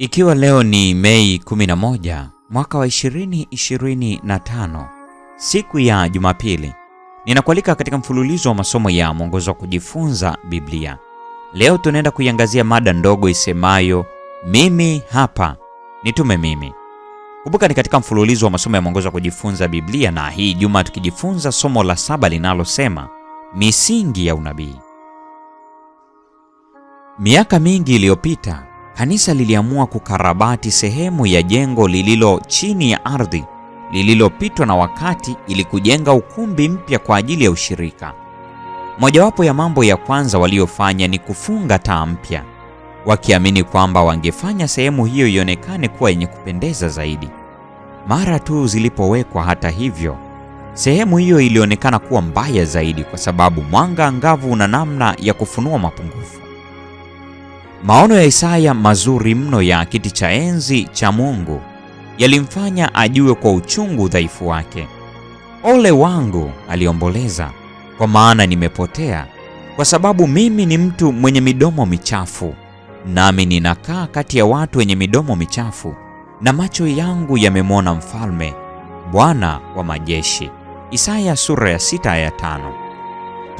Ikiwa leo ni Mei 11 mwaka wa 2025, siku ya Jumapili, ninakualika katika mfululizo wa masomo ya mwongozo wa kujifunza Biblia. Leo tunaenda kuiangazia mada ndogo isemayo mimi hapa, nitume mimi. Kumbuka ni katika mfululizo wa masomo ya mwongozo wa kujifunza Biblia, na hii juma tukijifunza somo la saba linalosema misingi ya unabii. Miaka mingi iliyopita kanisa liliamua kukarabati sehemu ya jengo lililo chini ya ardhi lililopitwa na wakati ili kujenga ukumbi mpya kwa ajili ya ushirika. Mojawapo ya mambo ya kwanza waliofanya ni kufunga taa mpya, wakiamini kwamba wangefanya sehemu hiyo ionekane kuwa yenye kupendeza zaidi. Mara tu zilipowekwa, hata hivyo, sehemu hiyo ilionekana kuwa mbaya zaidi, kwa sababu mwanga angavu una namna ya kufunua mapungufu. Maono ya Isaya mazuri mno ya kiti cha enzi cha Mungu yalimfanya ajue kwa uchungu udhaifu wake. Ole wangu, aliomboleza, kwa maana nimepotea, kwa sababu mimi ni mtu mwenye midomo michafu, nami ninakaa kati ya watu wenye midomo michafu, na macho yangu yamemwona Mfalme, Bwana wa majeshi. Isaya sura ya sita aya tano.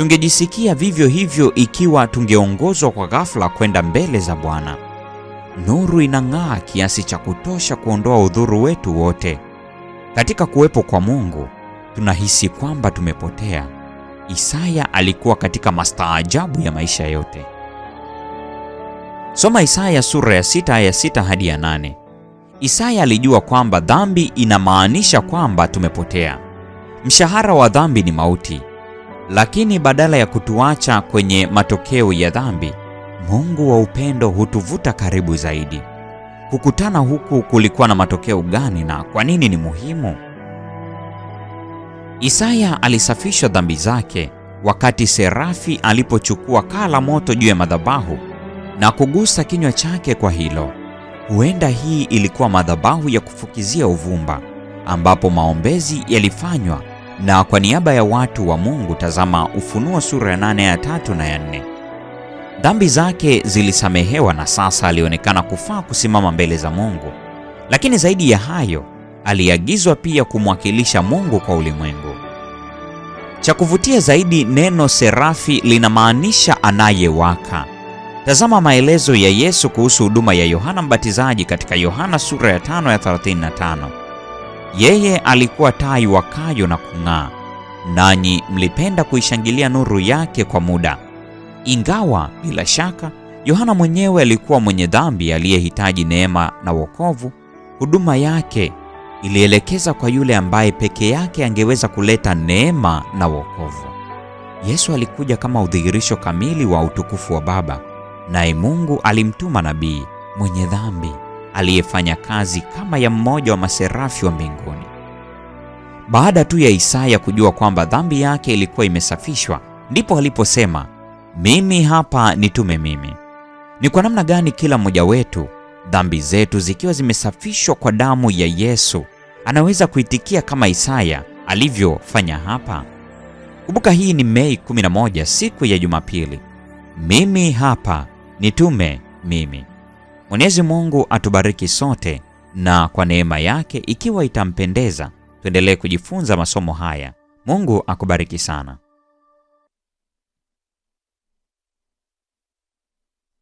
Tungejisikia vivyo hivyo ikiwa tungeongozwa kwa ghafla kwenda mbele za Bwana. Nuru inang'aa kiasi cha kutosha kuondoa udhuru wetu wote. Katika kuwepo kwa Mungu tunahisi kwamba tumepotea. Isaya alikuwa katika mastaajabu ya maisha yote. Soma Isaya sura ya sita aya sita hadi ya nane. Isaya alijua kwamba dhambi inamaanisha kwamba tumepotea. Mshahara wa dhambi ni mauti, lakini badala ya kutuacha kwenye matokeo ya dhambi, Mungu wa upendo hutuvuta karibu zaidi. Kukutana huku kulikuwa na matokeo gani na kwa nini ni muhimu? Isaya alisafisha dhambi zake wakati serafi alipochukua kaa la moto juu ya madhabahu na kugusa kinywa chake kwa hilo. Huenda hii ilikuwa madhabahu ya kufukizia uvumba ambapo maombezi yalifanywa na kwa niaba ya watu wa Mungu tazama Ufunuo sura ya nane ya tatu na ya nne. Dhambi zake zilisamehewa na sasa alionekana kufaa kusimama mbele za Mungu, lakini zaidi ya hayo aliagizwa pia kumwakilisha Mungu kwa ulimwengu. Cha kuvutia zaidi, neno serafi linamaanisha anayewaka. Tazama maelezo ya Yesu kuhusu huduma ya Yohana Mbatizaji katika Yohana sura ya 5 ya 35. Yeye alikuwa taa iwakayo na kung'aa, nanyi mlipenda kuishangilia nuru yake kwa muda. Ingawa bila shaka Yohana mwenyewe alikuwa mwenye dhambi aliyehitaji neema na wokovu, huduma yake ilielekeza kwa yule ambaye peke yake angeweza kuleta neema na wokovu. Yesu alikuja kama udhihirisho kamili wa utukufu wa Baba, naye Mungu alimtuma nabii mwenye dhambi aliyefanya kazi kama ya mmoja wa maserafi wa mbinguni. Baada tu ya Isaya kujua kwamba dhambi yake ilikuwa imesafishwa, ndipo aliposema, mimi hapa nitume mimi. Ni kwa namna gani kila mmoja wetu, dhambi zetu zikiwa zimesafishwa kwa damu ya Yesu, anaweza kuitikia kama Isaya alivyofanya hapa? Kumbuka hii ni Mei 11, siku ya Jumapili. Mimi hapa nitume mimi. Mwenyezi Mungu atubariki sote na kwa neema yake ikiwa itampendeza tuendelee kujifunza masomo haya. Mungu akubariki sana.